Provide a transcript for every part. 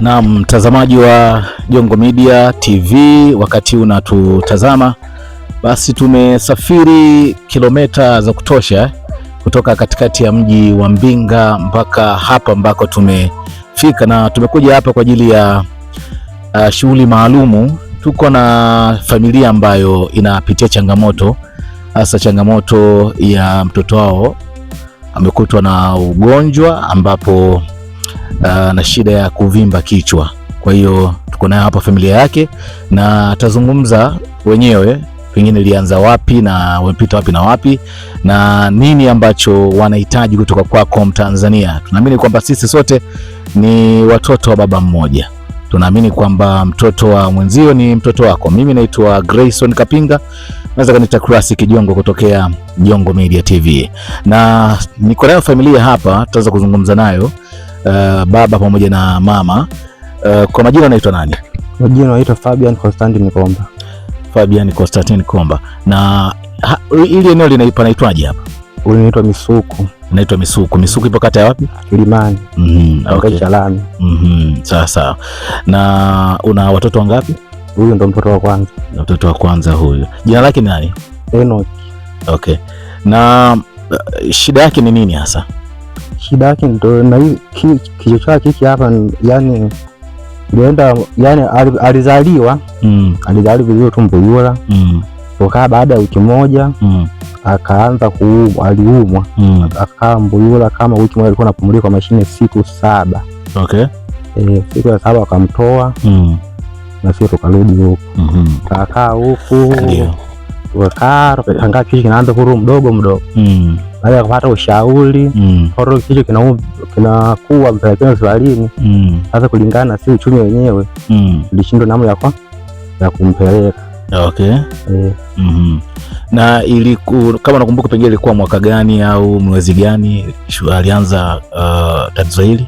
Na mtazamaji wa Jongo Media TV, wakati unatutazama basi, tumesafiri kilomita za kutosha kutoka katikati ya mji wa Mbinga mpaka hapa ambako tumefika, na tumekuja hapa kwa ajili ya uh, shughuli maalumu. Tuko na familia ambayo inapitia changamoto, hasa changamoto ya mtoto wao amekutwa na ugonjwa ambapo Uh, na shida ya kuvimba kichwa. Kwa hiyo tuko naye hapa familia yake, na atazungumza wenyewe pengine ilianza wapi na wamepita wapi na wapi na nini ambacho wanahitaji kutoka kwako Mtanzania. Tunaamini kwamba sisi sote ni watoto wa baba mmoja, tunaamini kwamba mtoto wa mwenzio ni mtoto wako. Mimi naitwa Grayson Kapinga, naweza kanita Classic Jongo kutokea Jongo Media TV, na niko nayo familia hapa, tutaanza kuzungumza nayo uh, baba pamoja na mama. Uh, kwa majina anaitwa nani? Majina anaitwa Fabian Constantine Komba. Fabian Constantine Komba. Na ili eneo linaipa naitwaje hapa? Unaitwa Misuku. Naitwa Misuku. Misuku ipo kata ya wapi? Kilimani. Mhm. mm okay. Chalani. Mhm. mm Sawa sawa. Na una watoto wangapi? Huyu ndo mtoto wa kwanza. Mtoto wa kwanza huyu. Jina lake ni nani? Enoch. Okay. Na uh, shida yake ni nini hasa? shida yake ndo na hii kichwa chake hiki hapa, yani ndoenda, yani alizaliwa mm. alizaliwa vizuri tumbo yula mm. tokaa baada ya wiki moja mm. akaanza kuumwa, aliumwa mm. akaa mbuyula kama wiki moja, alikuwa anapumulia kwa mashine siku saba okay. E, siku ya saba akamtoa mm. na sio tukarudi huku mm -hmm. kakaa huku yeah. kakaa kitu kinaanza mdogo mdogo mm baada ya kupata ushauri mm. kicho kinakuwa mpelekea hospitalini mm. sasa mm. kulingana na si uchumi wenyewe mm. lishindo namna ya ya kumpeleka okay. e. mm -hmm. na iliku, kama nakumbuka pengine ilikuwa mwaka gani au mwezi gani alianza uh, tatizo hili?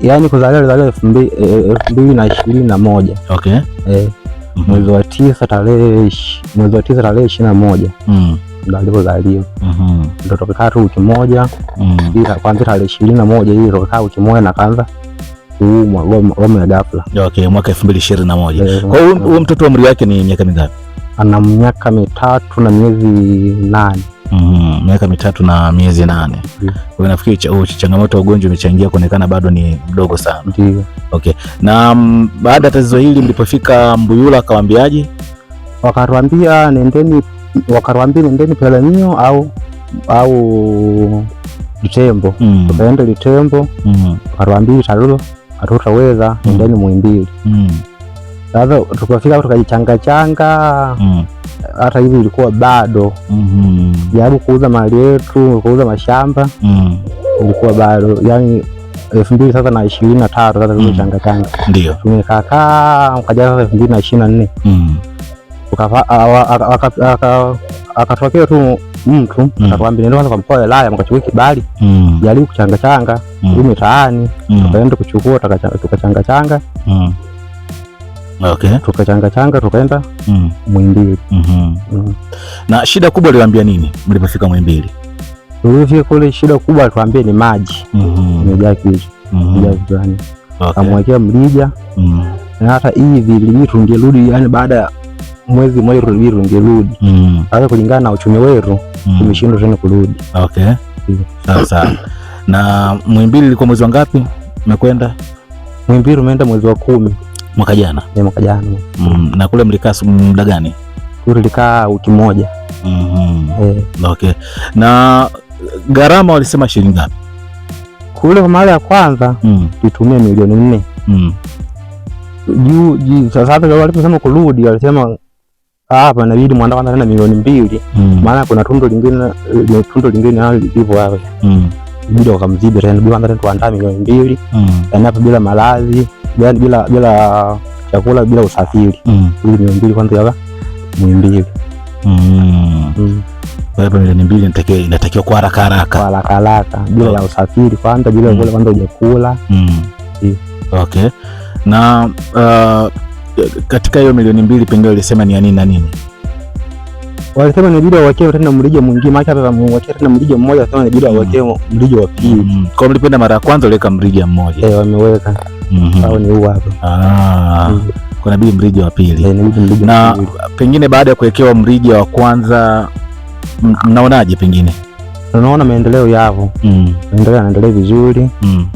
Yaani kuzaliwa lizaliwa e, elfu mbili na ishirini na moja okay. mm -hmm. mwezi wa tisa tarehe ishirini na moja mm alivyozaliwa. Mhm. Ndio tukakaa tu wiki moja. Mhm. Ila kwanza tarehe 21 ile tukakaa wiki moja na kaanza kuumwa homa ya ghafla. Okay, mwaka 2021. Eh, Kwa hiyo huyo mtoto umri wake ni miaka mingapi? Ana miaka mitatu na miezi nane. Mm, miaka mitatu na miezi nane. Kwa hiyo nafikiri changamoto ya ugonjwa imechangia kuonekana bado ni mdogo sana. Ndiyo. Okay. Na mm, baada ya tatizo hili mlipofika Mbuyula akawaambiaje? Wakatuambia nendeni wakarwambia nendeni Peramiho au au Litembo mm. ukaenda Litembo mm. wakarwambia talolo hatutaweza mm. Muimbili mm. Sasa tukafika tukajichanga changa mm. hata hivi ilikuwa bado mm -hmm. jaribu yaani kuuza mali yetu kuuza mashamba mm. ilikuwa bado yani elfu mbili sasa na ishirini na tatu sasa mm. tumechanga changa ndio tumekakaa mkaja sasa elfu mbili na ishirini na nne mm. Ah, akatokea tu mtu mm. akatuambia ndio kwa mkoa wa Ulaya mkachukua kibali, mm. jaribu kuchanga changa huko mm. mitaani, tukaenda kuchukua tukachanga changa Okay. Tukachanga changa tukaenda mm. Mwimbili mm -hmm. mm. Na shida kubwa aliwaambia nini mlipofika Mwimbili? Tulivyo kule shida kubwa alituambia ni maji mm-hmm. imejaa kichwa mm-hmm. imejaa kichwani, kamwekea mrija na hata hivi lijitu ndio rudi, yani baada ya mwezi mwezi mmoja turudi tungerudi. Mm. Sasa kulingana na uchumi wetu mm. tumeshindwa tena kurudi. Okay. Sawa sawa. Na Muhimbili ilikuwa mwezi wa ngapi? Umekwenda? Muhimbili umeenda mwezi wa kumi mwaka jana. Ni mwaka jana. Mm. Na kule mlikaa muda gani? Kule tulikaa wiki moja. Mm -hmm. Eh. Okay. Na gharama walisema shilingi ngapi? Kule kwa mara ya kwanza mm. milioni nne. Mm. Juu sasa waliposema kurudi walisema hapa inabidi mwanda kwanza tena milioni mbili mm. maana mm. kuna tundu lingine eh, tundu lingine nalo lilivyo hapa mm. ibidi wakamziba tena bila kwanza tuandaa milioni mbili mm. Yaani hapa bila malazi bila bila bila chakula bila usafiri mm. ili milioni mbili kwanza hapa milioni mbili mm. mm. milioni mbili inatakiwa inatakiwa kwa haraka haraka haraka haraka bila mm. usafiri kwanza bila mm. kwanza hujakula mm. okay na uh, katika hiyo milioni mbili pengine walisema ni ya nini na nini? Walisema ni bila wakeo tena mrija mwingine, maana hata wamewakia tena mrija mmoja, wasema ni bila wakeo mm. mrija wa pili. Mm, mm. Kwa mlipenda mara ya kwanza waliweka mrija mmoja. Eh, wameweka. Mm-hmm. Au ni huu hapa. Ah. Kuna bibi mrija wa pili. Eh, na pengine baada ya kuwekewa mrija wa kwanza mnaonaje pengine? Unaona maendeleo yavo. Maendeleo yanaendelea vizuri. Mm.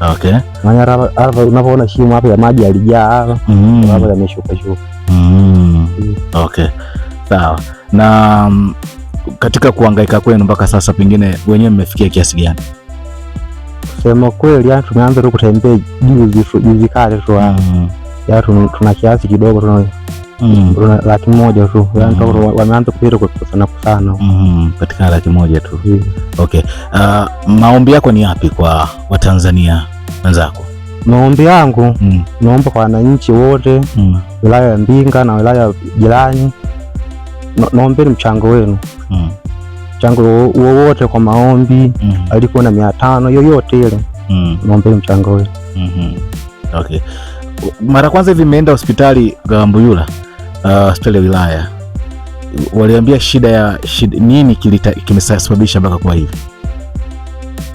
Okay. hapa unapoona shimo hapa ya maji yalijaa mm. hapa yameshuka shuka. Mm. Okay. Sawa. Na mm, katika kuhangaika kwenu mpaka sasa pengine wenyewe mmefikia kiasi gani? Sema kweli yaani tumeanza tu kutembea juzi juzi kale tu. Mm. Ya yaani tuna kiasi kidogo mm. laki moja tu mm. yaani wameanza kupita kusana mm, katika laki moja tu yeah. Okay. Uh, maombi yako ni yapi kwa Watanzania wenzako? Maombi yangu mm. naomba kwa wananchi wote mm. wilaya ya Mbinga na wilaya jirani, naombeni mchango wenu mm. mchango wowote kwa maombi mm. na mia tano yoyote ile mm. naombeni mchango wenu mm -hmm. Okay. Mara kwanza hivi imeenda hospitali Gawambuyula hospitali uh, ya wilaya waliambia shida ya shida, nini kimesababisha mpaka kwa hivi?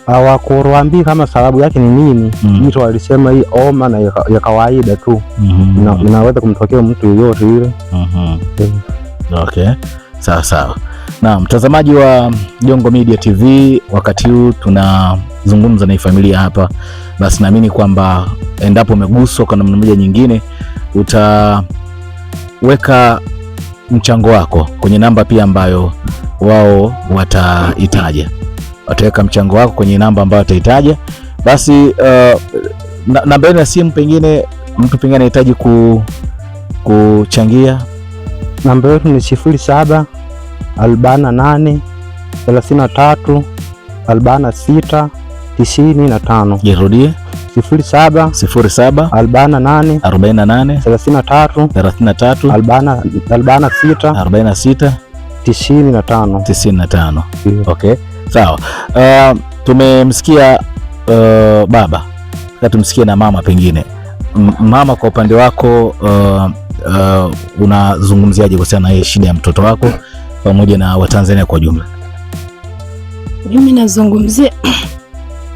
Hawakuambia kama sababu yake ni nini mm. Mtu walisema hii homa na ya kawaida tu mm -hmm. Inaweza kumtokea mtu yoyote yule mm -hmm. Okay, sawa sawa. Na mtazamaji wa Jongo Media TV, wakati huu tunazungumza na familia hapa, basi naamini kwamba endapo umeguswa kwa namna moja nyingine uta weka mchango wako kwenye namba pia ambayo wao wataitaja, wataweka mchango wako kwenye namba ambayo wataitaja. Basi uh, namba ya simu, pengine mtu pengine anahitaji ku, kuchangia. Namba yetu ni sifuri saba arobaini na nane thelathini na tatu arobaini na sita tisini na tano. Jirudie sawa. Uh, tumemsikia uh, baba, tumsikie na mama. Pengine M mama, kwa upande wako uh, uh, unazungumziaje kuhusiana na hii shida ya mtoto wako pamoja na Watanzania kwa jumla? Mimi nazungumzia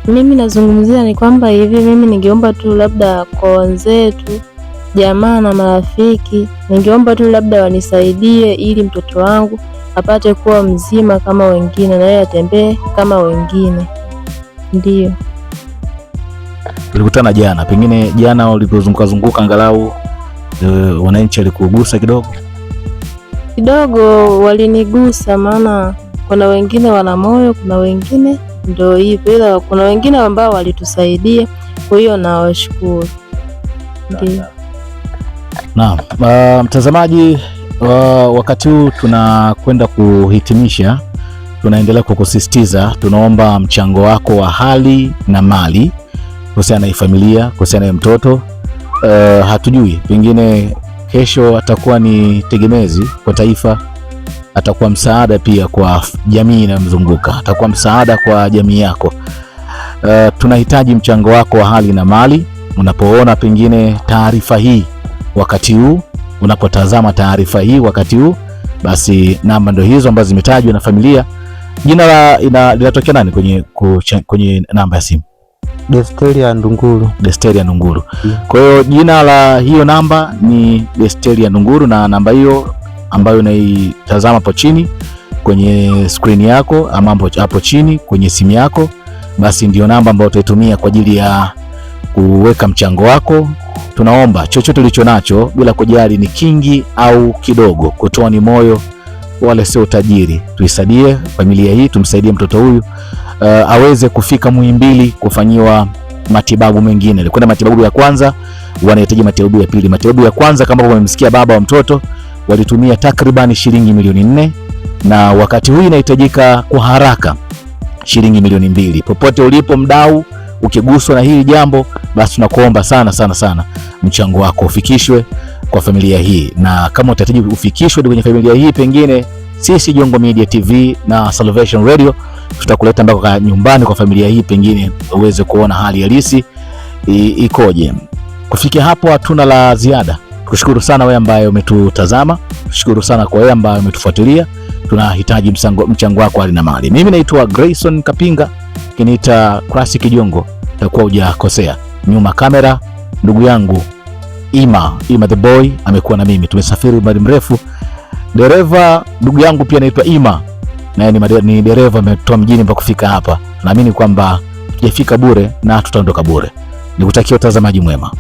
mimi nazungumzia ni kwamba hivi, mimi ningeomba tu labda kwa wenzetu jamaa na marafiki, ningeomba tu labda wanisaidie ili mtoto wangu apate kuwa mzima kama wengine na yeye atembee kama wengine. ndio tulikutana jana, pengine jana ulipozunguka zunguka, angalau uh, wananchi alikugusa kidogo kidogo, walinigusa maana kuna wengine wana moyo, kuna wengine ndio hivyo, ila kuna wengine ambao walitusaidia, kwa hiyo nawashukuru. Ndio naam. Uh, mtazamaji uh, wakati huu tunakwenda kuhitimisha, tunaendelea kukusisitiza, tunaomba mchango wako wa hali na mali kuhusiana na familia, kuhusiana na mtoto uh, hatujui pengine kesho atakuwa ni tegemezi kwa taifa atakuwa msaada pia kwa jamii inayomzunguka, atakuwa msaada kwa jamii yako. Uh, tunahitaji mchango wako wa hali na mali. Unapoona pengine taarifa hii wakati huu, unapotazama taarifa hii wakati huu, basi namba ndio hizo ambazo zimetajwa na familia. Jina la linatokea nani kwenye, kwenye namba ya simu? Desteria Ndunguru. Desteria Ndunguru. Mm. Kwa hiyo jina la hiyo namba ni Desteria Ndunguru, na namba hiyo ambayo unaitazama hapo chini kwenye screen yako ama hapo chini kwenye simu yako, basi ndio namba ambayo utaitumia kwa ajili ya kuweka mchango wako. Tunaomba chochote ulicho nacho, bila kujali ni kingi au kidogo, kutoa ni moyo wala sio utajiri. Tuisadie familia hii, tumsaidie mtoto huyu uh, aweze kufika Muhimbili kufanyiwa matibabu mengine. Alikwenda matibabu ya kwanza, wanahitaji matibabu ya pili. Matibabu ya kwanza kama umemsikia baba wa mtoto walitumia takriban shilingi milioni nne na wakati huu inahitajika kwa haraka shilingi milioni mbili. Popote ulipo mdau, ukiguswa na hili jambo, basi tunakuomba sana sana sana mchango wako ufikishwe kwa familia hii, na kama utahitaji ufikishwe kwenye familia hii, pengine sisi Jongo Media TV na Salvation Radio tutakuleta mpaka nyumbani kwa familia hii, pengine uweze kuona hali halisi ikoje. Kufikia hapo, hatuna la ziada. Kushukuru sana wewe ambaye umetutazama, tushukuru sana kwa wewe ambaye umetufuatilia. Tunahitaji msango, mchango wako hali na mali. Mimi naitwa Grayson Kapinga, kiniita Classic Jongo, takuwa hujakosea. Nyuma kamera ndugu yangu Ima, Ima the boy amekuwa na mimi, tumesafiri mbali mrefu. Dereva ndugu yangu pia anaitwa Ima, naye ni ni dereva ametoa mjini mpaka kufika hapa. Naamini kwamba tujafika bure na tutaondoka bure. Nikutakia utazamaji mwema.